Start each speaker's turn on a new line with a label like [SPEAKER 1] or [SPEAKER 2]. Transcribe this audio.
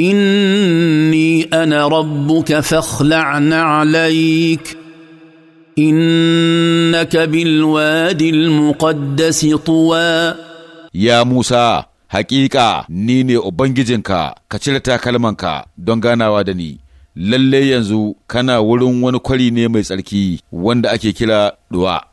[SPEAKER 1] اني انا ربك فاخلع عليك
[SPEAKER 2] انك بالوادي المقدس طوى
[SPEAKER 3] Ya Musa, haƙiƙa! ni ne Ubangijinka ka cire takalmanka don ganawa da ni, Lallai yanzu kana wurin wani kwari ne mai tsarki wanda ake kira duwa.